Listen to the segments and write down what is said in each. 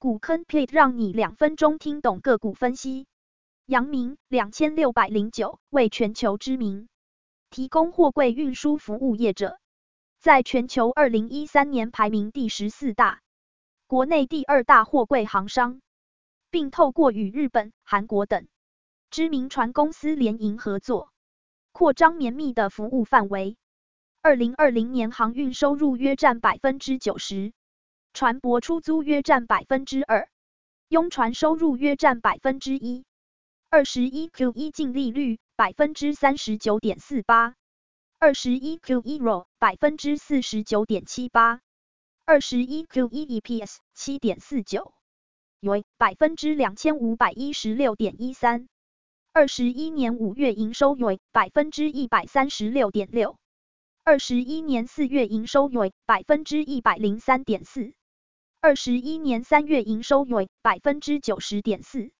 股坑 plate 讓你兩分鐘聽懂個股分析。陽明兩千六百零九，為全球知名提供貨櫃運輸服務業者，在全球二零一三年排名第十四大，國內第二大貨櫃航商，並透過與日本、韓國等知名船公司聯營合作，擴張綿密的服務範圍。二零二零年航運收入約佔百分之九十。船舶出租約占百分之二，擁船收入約占百分之一。二十一 Q 一淨利率百分之三十九點四八，二十一 Q 一 ROE 百分之四十九點七八，二十一 Q 一 EPS 七點四九，YoY 百分之兩千五百一十六點一三，二十一年五月營收約 YoY 百分之一百三十六點六，二十一年四月營收約 YoY 百分之一百零三點四。二十一年三月營收為百分之九十點四，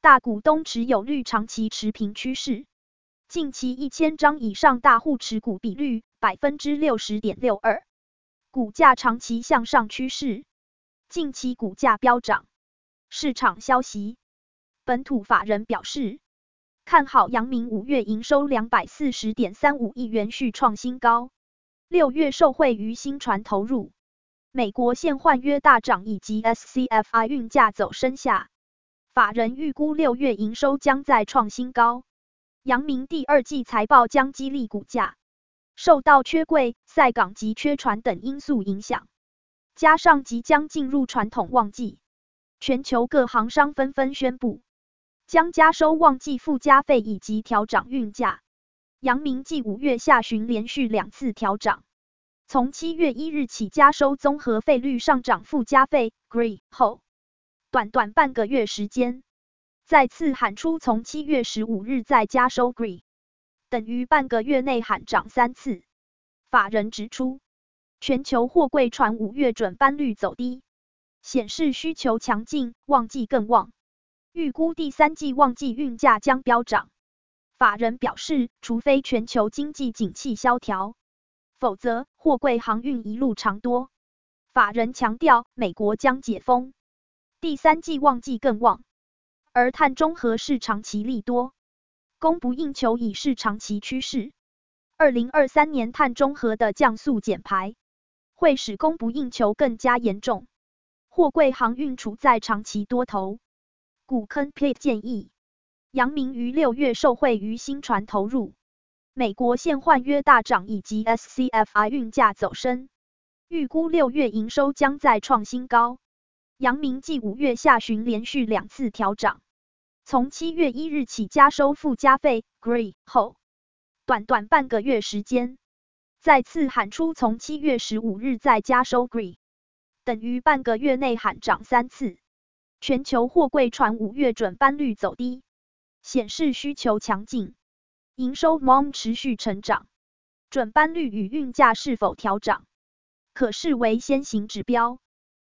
大股東持有率長期持平趨勢，近期一千張以上大戶持股比率百分之六十點六二，股價長期向上趨勢，近期股價飆漲。市場消息，本土法人表示，看好陽明五月營收兩百四十點三五億元續創新高，六月受惠於新船投入。美國線換約大漲，以及 SCFI 運價走升下，法人預估六月營收將再創新高。陽明第二季財報將激勵股價。受到缺櫃、塞港及缺船等因素影響，加上即將進入傳統旺季，全球各航商紛紛宣布將加收旺季附加費以及調漲運價。陽明繼五月下旬連續兩次調漲。從七月一日起加收綜合費率上漲附加費，GRI 後，短短半個月時間，再次喊出從七月十五日再加收 GRI，等於半個月內喊漲三次。法人指出，全球貨櫃船五月準班率走低，顯示需求強勁，旺季更旺，預估第三季旺季運價將飆漲。法人表示，除非全球經濟景氣蕭條。否則，貨櫃航運一路長多。法人強調，美國將解封，第三季旺季更旺，而碳中和是長期利多，供不應求已是長期趨勢。二零二三年碳中和的降速減排，會使供不應求更加嚴重。貨櫃航運處在長期多頭。股坑派建議，陽明於六月受惠於新船投入。美國線換約大漲，以及 SCFI 運價走升，預估六月營收將再創新高。陽明繼五月下旬連續兩次調漲，從七月一日起加收附加費 GRI 後，短短半個月時間，再次喊出從七月十五日再加收 GRI，等於半個月內喊漲三次。全球貨櫃船五月準班率走低，顯示需求強勁。營收 MoM 持續成長，準班率與運價是否調漲，可視為先行指標。